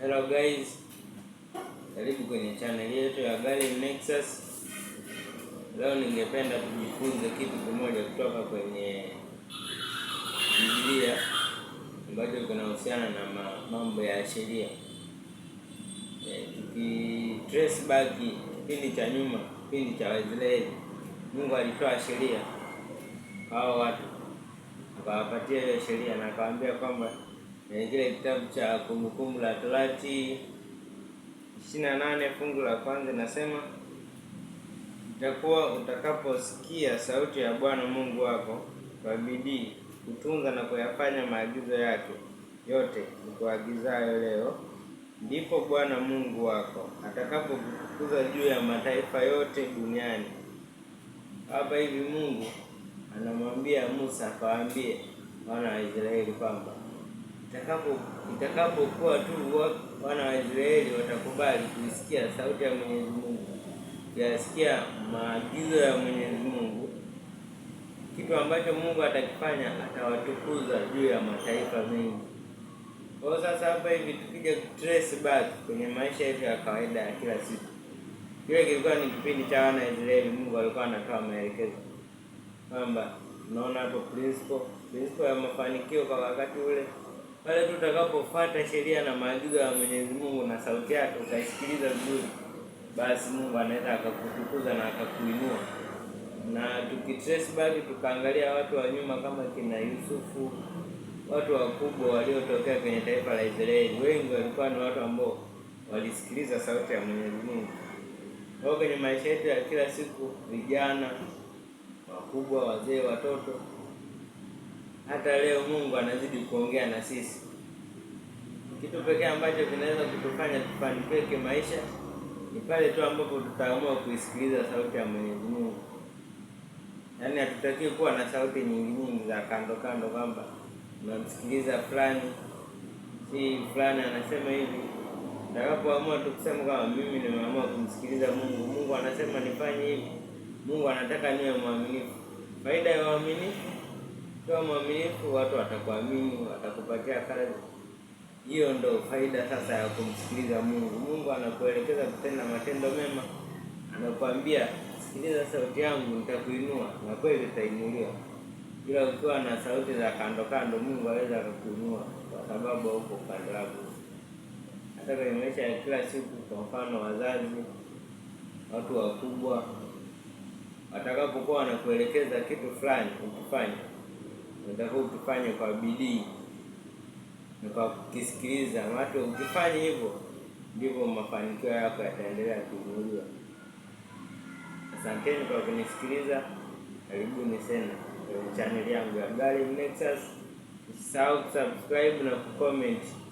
Hello guys, karibu kwenye channel yetu ya Gari Nexus. Leo ningependa tujifunze kitu kimoja kutoka kwenye Biblia ambacho kinahusiana na mambo ya sheria. E, trace back kipindi cha nyuma, kipindi cha Waisraeli, Mungu alitoa sheria hao watu, akawapatia hiyo sheria na akawaambia kwamba kwenye kile kitabu cha Kumbukumbu la Torati ishirini na nane fungu la kwanza inasema itakuwa utakaposikia sauti ya Bwana Mungu wako kwa bidii kutunza na kuyafanya maagizo yake yote nikuagizayo leo, ndipo Bwana Mungu wako atakapokutukuza juu ya mataifa yote duniani. Hapa hivi Mungu anamwambia Musa akawaambie wana wa Israeli kwamba Itakapokuwa tu wana wa Israeli watakubali kuisikia sauti ya Mwenyezi Mungu, kuyasikia maagizo ya Mwenyezi Mungu, kitu ambacho Mungu atakifanya, atawatukuza juu ya mataifa mengi. Kwa sasa hapa hivi tukija trace back kwenye maisha yetu ya kawaida ya kila siku, kile kilikuwa ni kipindi cha wana Israeli. Mungu alikuwa anatoa maelekezo kwamba, naona hapo principle principle ya mafanikio kwa wakati ule pale tu utakapofuata sheria na maagizo ya Mwenyezi Mungu na sauti yake utaisikiliza vizuri, basi Mungu anaweza akakutukuza na akakuinua. Na tukitrace back tukaangalia watu wa nyuma kama kina Yusufu, watu wakubwa waliotokea kwenye taifa la Israeli, wengi walikuwa ni watu ambao walisikiliza sauti ya Mwenyezi Mungu. Kwa kwenye maisha yetu ya kila siku, vijana, wakubwa, wazee, watoto hata leo Mungu anazidi kuongea na sisi. Kitu pekee ambacho kinaweza kutufanya tufanikiwe maisha ni pale tu ambapo tutaamua kuisikiliza sauti ya Mwenyezi Mungu. Yaani hatutakiwi kuwa na sauti nyingi nyingi za kando kando, kwamba tunamsikiliza fulani, si fulani anasema hivi. Utakapoamua tu kusema kama mimi nimeamua kumsikiliza Mungu, Mungu anasema nifanye hivi, Mungu anataka niwe mwaminifu. Faida ya uaminifu kwa mwaminifu, watu watakuamini, watakupatia kazi. Hiyo ndo faida sasa ya kumsikiliza Mungu. Mungu anakuelekeza kutenda matendo mema, anakuambia sikiliza sauti yangu, nitakuinua, na kweli utainuliwa. Ila ukiwa na sauti za kando kando, Mungu aweza akakuinua kwa sababu huko upande wako. Hata kwenye maisha ya kila siku, kwa mfano, wazazi, watu wakubwa watakapokuwa wanakuelekeza kitu fulani ukifanya unatakiwa ukifanye kwa bidii na kwa kukisikiliza, watu. ukifanya hivyo ndivyo mafanikio yako yataendelea kuinuliwa. Asanteni kwa kunisikiliza, karibuni sana kwenye chaneli yangu ya Gari Nexus. Usisahau kusubscribe na kucomment.